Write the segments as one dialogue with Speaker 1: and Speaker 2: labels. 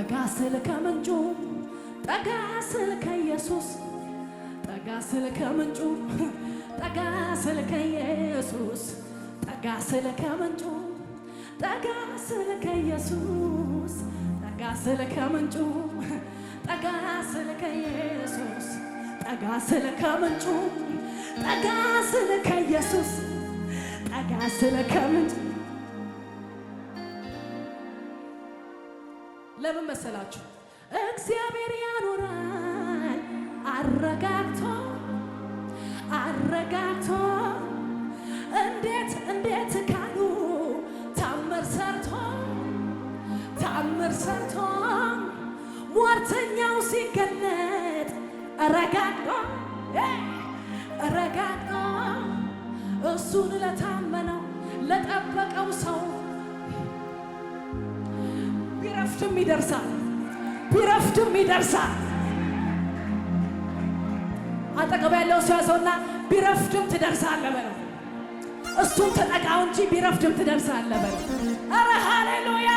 Speaker 1: ጠጋ ስል ከምንጩ ጠጋ ስል ከኢየሱስ ጠጋ ስል ከምንጩ ጠጋ ስል ከኢየሱስ ጠጋ ስል ከምንጩ ጠጋ ስል ከኢየሱስ ጠጋ ስል ከምንጩ ጠጋ ስል ከኢየሱስ ጠጋ ስል ከምንጩ ጠጋ ስል ከኢየሱስ ጠጋ ስል ከምንጩ ለምን መሰላችሁ? እግዚአብሔር ያኖራል አረጋግቶ አረጋግቶ እንዴት እንዴት ካሉ ታምር ሰርቶ ታምር ሰርቶ ሟርተኛው ሲገለጥ ረጋግጦ ረጋግጦ እሱን ለታመነው ለጠበቀው ሰው ቢረፍድም ይደርሳል፣ ቢረፍድም ይደርሳል። አጠገብ ያለው ሰው ያዘውና ቢረፍድም ትደርሳለህ በለው። እሱን ተጠቃው እንጂ ቢረፍድም ትደርሳለህ በለው። ኧረ ሃሌሉያ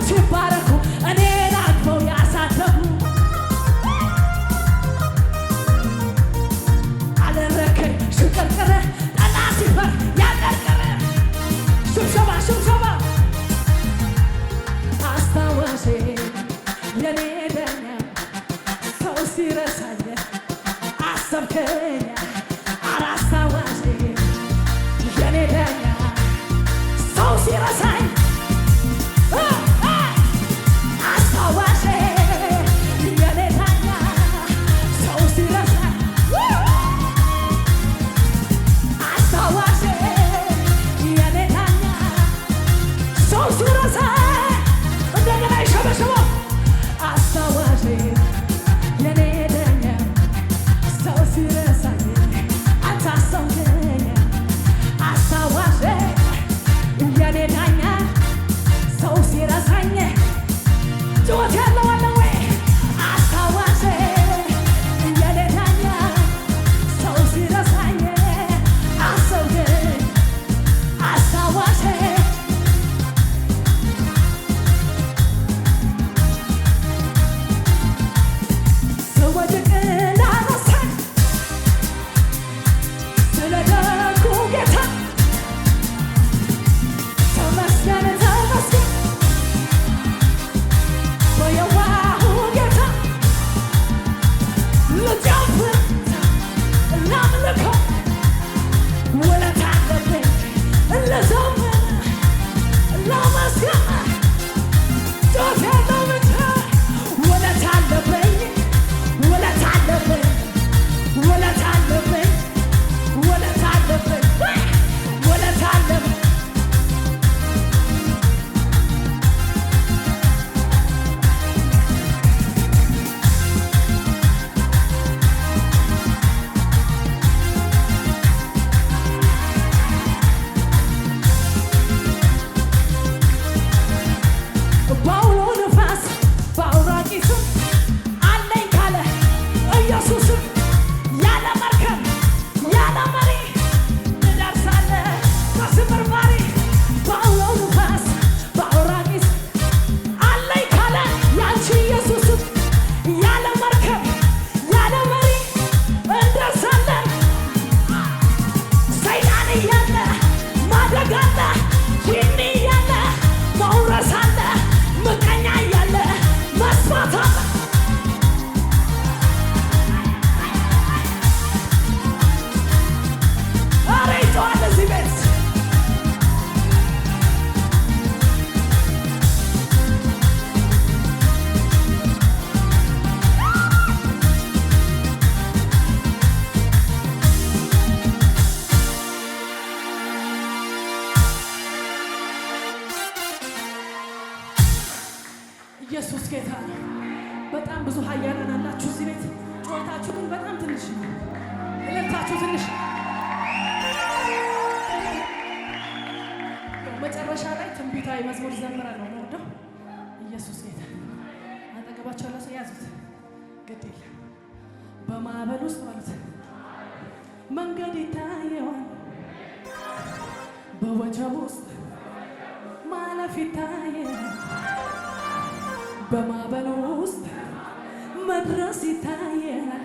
Speaker 1: too. በጣም ብዙ ሀያላን አላችሁ እዚህ ቤት። ጩኸታችሁ ግን በጣም ትንሽ ነው። እልልታችሁ ትንሽ። መጨረሻ ላይ ትንቢታዊ መዝሙር ዘምረን ነው ወርደው ኢየሱስ ጌታ አጠገባቸው ያለ ሰው ያዙት። ግድ የለም በማዕበል ውስጥ ማለት መንገድ ይታየዋል፣ በወጀብ ውስጥ ማለፍ ይታየ በማዕበል ውስጥ መድረስ ይታያል።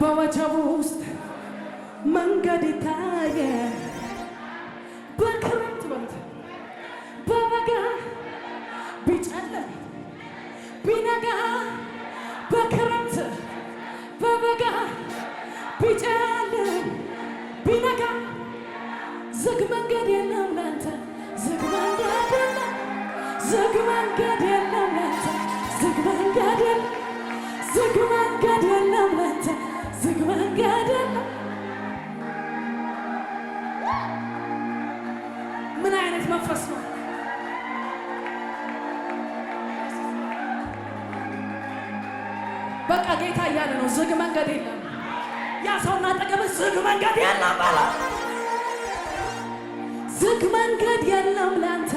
Speaker 1: በወጀቡ ውስጥ መንገድ ይታያል። በክረምት በበጋ ቢጨልም ቢነጋ በክረምት በበጋ ቢጨልም ቢነጋ ዝግ መንገድ የለም ዝግ መንገድ የለም ዝግ መንገድ የለም መንፈስ ነው። በቃ ጌታ እያለ ነው። ዝግ መንገድ የለም። ያ ሰውና ጠገብ ዝግ መንገድ የለም በለው። ዝግ መንገድ የለም ላንተ፣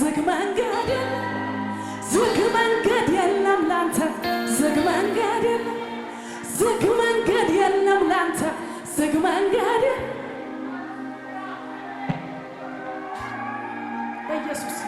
Speaker 1: ዝግ መንገድ የለም፣ ዝግ መንገድ ዝግ መንገድ የለም ላንተ፣ ዝግ መንገድ ዝግ መንገድ የለም ላንተ ዝግ መንገድ የለም Jesús.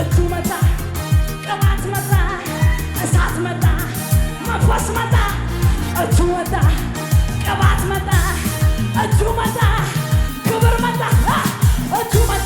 Speaker 1: እጁ መጣ፣ ቅባት መጣ፣ እሳት መጣ፣ መኮስ መጣ፣ እጁ መጣ፣ ቅባት መጣ፣ እጁ መጣ፣ ክብር መጣ፣ እጁ መጣ